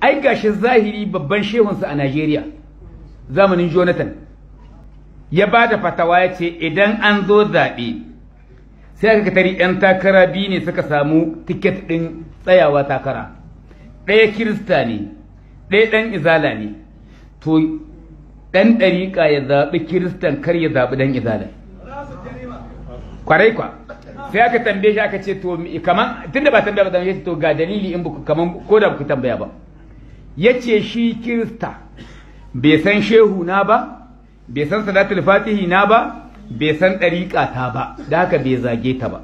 ai gashi zahiri babban shehunsa a Najeriya zamanin Jonathan ya ba da fatawa ya ce idan an zo zaɓe sai aka katari 'yan takara biyu ne suka samu tiket ɗin tsayawa takara ɗaya kirista ne ɗaya ɗan izala ne to ɗan ɗariƙa ya zaɓi kiristan kar ya zaɓi ɗan izala kwarai kwa sai aka tambaye shi aka ce to tun da ba tambaya ba tambaye shi to ga dalili in ba kaman ko da ku tambaya ba yace shi kirista bai san shehu na ba bai san salatul fatihi na ba bai san ɗariƙa ta ba da haka bai zage ta ba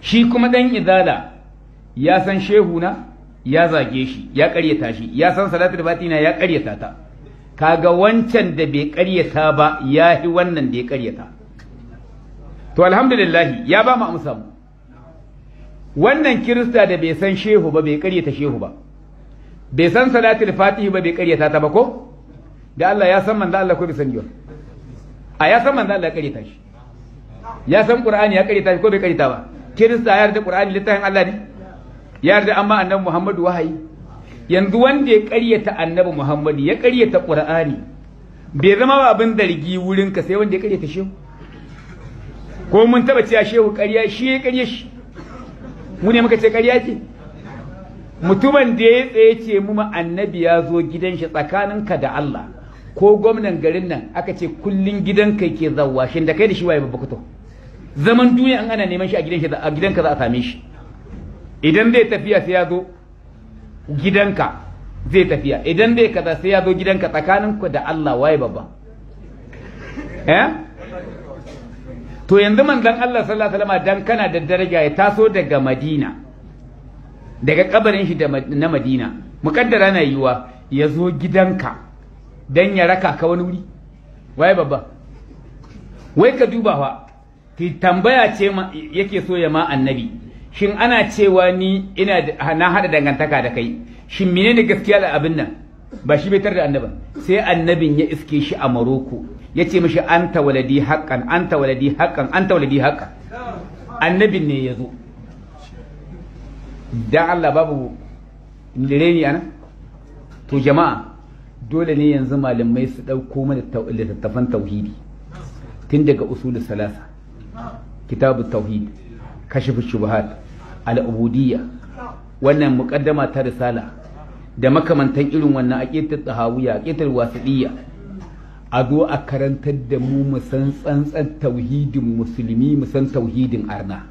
shi kuma ɗan izala ya san shehu na ya zage shi ya ƙaryata shi ya san salatul fatihi na ya ƙaryata ta kaga wancan da bai ƙaryata ba ya fi wannan da ya ƙaryata to alhamdulillahi ya ba mu amsa mu wannan kirista da bai san shehu ba bai ƙaryata shehu ba bai san salatul fatihi ba bai karyata ta ba ko da Allah ya san manzo Allah ko bai sani ba a ya san manzo Allah ya karyata shi ya san qur'ani ya karyata shi ko bai karyata ba kirista ya yarda qur'ani littafin Allah ne ya yarda amma annabi Muhammadu wahayi yanzu wanda ya karyata annabi Muhammadu ya karyata qur'ani bai zama ba abin zargi wurin ka sai wanda ya karyata shehu ko mun taba cewa shehu karya shi ya karya shi mu ne muka ce karya ke? mutumin da ya tsaye ce mu annabi ya zo gidan shi tsakaninka da Allah ko gwamnan garin nan aka ce kullun gidanka yake zawwa shin da kai da shi waye babba kuto zaman duniya an ana neman shi a gidan shi a gidanka za a same shi idan zai tafiya sai ya zo gidanka zai tafiya idan zai kaza sai ya zo gidanka tsakaninka da Allah waye babba eh to yanzu manzon Allah sallallahu alaihi wasallam dan kana da daraja ya taso daga Madina daga kabarin shi na madina Mukaddara na yiwa ya zo gidanka don ya raka ka wani wuri waye babba wai ka duba fa tambaya ce yake so ya ma annabi shin ana cewa ni ina na hada dangantaka da kai shin menene gaskiya da abin nan ba shi bai tarda da sai annabin ya iske shi a Maroko ya ce mishi anta waladi haqqan anta waladi an anta waladi haqqan annabin ne ya zo dan Allah babu reni ana? to jama'a dole ne yanzu malamai su ɗauko mana littattafan tauhidi tun daga usulul salasa kitabu tauhid kashif shubuhat al'ubudiyya wannan muƙaddama ta risala da makamantan irin wannan aqidat tahawiyya aqidat wasidiyya a zo a karantar da mu mu san tsantsan tauhidin musulmi mu san tauhidin arna